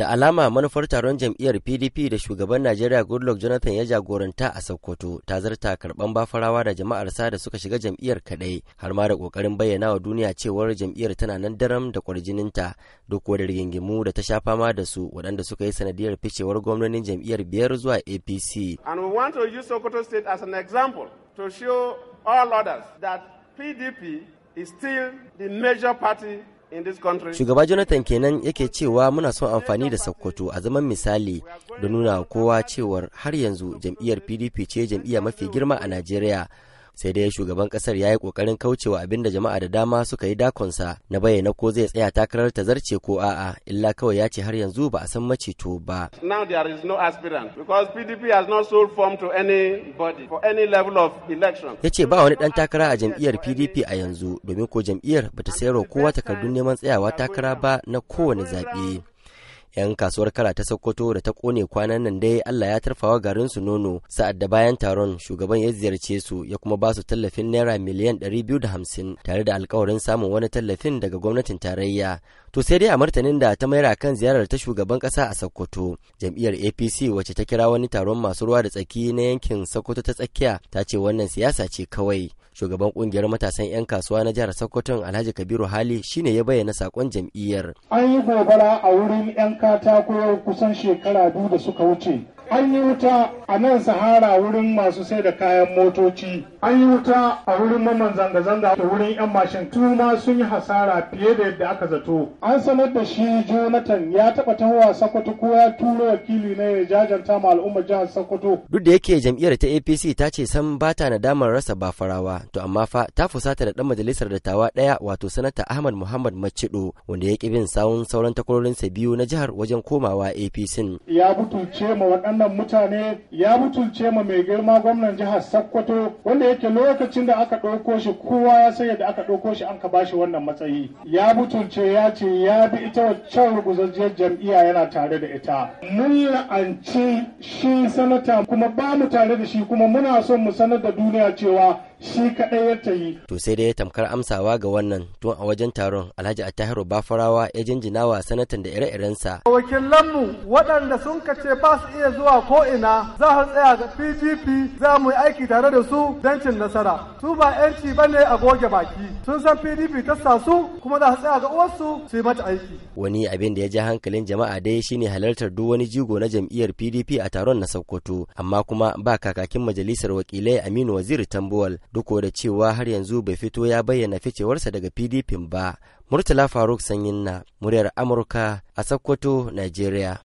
da alama manufar taron jam'iyyar pdp da shugaban najeriya goodluck jonathan ya jagoranta a sokoto ta zarta karban bafarawa da jama'arsa da suka shiga jam'iyyar kadai har ma da kokarin bayyana wa duniya cewar jam'iyyar tana nan daram da kwarjininta duk wani rigingimu da ta sha fama da su waɗanda suka yi sanadiyar ficewar gwamnonin jam'iyyar biyar zuwa apc and we want to use state as an to show all others that pdp is still the major party Shugaba Jonathan kenan yake cewa muna son amfani da Sokoto a zaman misali da nuna kowa cewar har yanzu jam'iyyar PDP ce jam'iyya mafi girma a Najeriya. sai dai shugaban kasar ya yi kokarin kaucewa abin da jama'a da dama suka yi dakonsa na bayyana ko zai tsaya takarar ta zarce ko a'a illa kawai ya ce har yanzu ba a san maceto ba now there is no aspirant because PDP has not sold form to anybody for any level of election ce ba wani dan takara a jam'iyyar PDP a yanzu domin ko jam'iyyar bata sayar wa kowa takardun neman tsayawa takara ba na kowane zaɓe 'yan kasuwar kara ta sokoto da ta kone kwanan nan dai allah ya tarfawa garin su nono sa'ad da bayan taron shugaban ya ziyarce su ya kuma ba su tallafin naira miliyan ɗari biyu da hamsin, tare da alkawarin samun wani tallafin daga gwamnatin tarayya to sai dai a martanin da ta mayar kan ziyarar ta shugaban kasa a sokoto jam'iyyar apc wacce ta kira wani taron masu ruwa da tsaki na yankin sokoto ta tsakiya ta ce wannan siyasa ce kawai shugaban kungiyar matasan 'yan kasuwa na jihar sokoton alhaji kabiru hali shine ya bayyana sakon jam'iyyar an yi gobara a wurin 'yan katako kusan shekara biyu da suka wuce an yi wuta a nan sahara wurin masu sai da kayan motoci an yi wuta a wurin maman zanga-zanga da wurin 'yan mashin tuma sun yi hasara fiye da yadda aka zato an sanar da shi jonathan ya taɓa tahowa sokoto ko ya turo wakili na ya jajanta ma al'ummar jihar sokoto duk da yake jam'iyyar ta apc ta ce san bata ta nadamar rasa ba farawa to amma fa ta fusata da ɗan majalisar dattawa ɗaya wato sanata ahmad muhammad macido wanda ya ƙi bin sawun sauran takwarorinsa biyu na jihar wajen komawa apc ya butuce ma waɗannan waɗannan mutane ya mutunce ma mai girma gwamnan jihar Sokoto wanda yake lokacin da aka ɗauko shi kowa ya san yadda aka ɗauko shi an ka bashi wannan matsayi. Ya mutunce ya ce ya bi ita waccan rugujajjiyar jam'iyya yana tare da ita. Mun la'anci shi sanata kuma ba mu tare da shi kuma muna son mu sanar da duniya cewa shi kaɗai ya ta yi. To sai dai tamkar amsawa ga wannan tun a wajen taron Alhaji Attahiru Bafarawa ya jinjina wa sanatan da ire-irensa. Wakilanmu waɗanda sun kace ba su iya zuwa ko ina za su tsaya ga PDP za mu yi aiki tare da su don cin nasara. Su ba 'yanci ba ne a goge baki. Sun san PDP ta sa su kuma za su tsaya ga uwarsu su yi mata aiki. Wani abin da ya ja hankalin jama'a dai shine halartar duk wani jigo na jam'iyyar PDP a taron na Sokoto amma kuma ba kakakin majalisar wakilai Aminu Waziri Tambuwal duk da cewa har yanzu bai fito ya bayyana ficewarsa daga pdp ba murtala faruk sanyin na muryar amurka a sokoto nigeria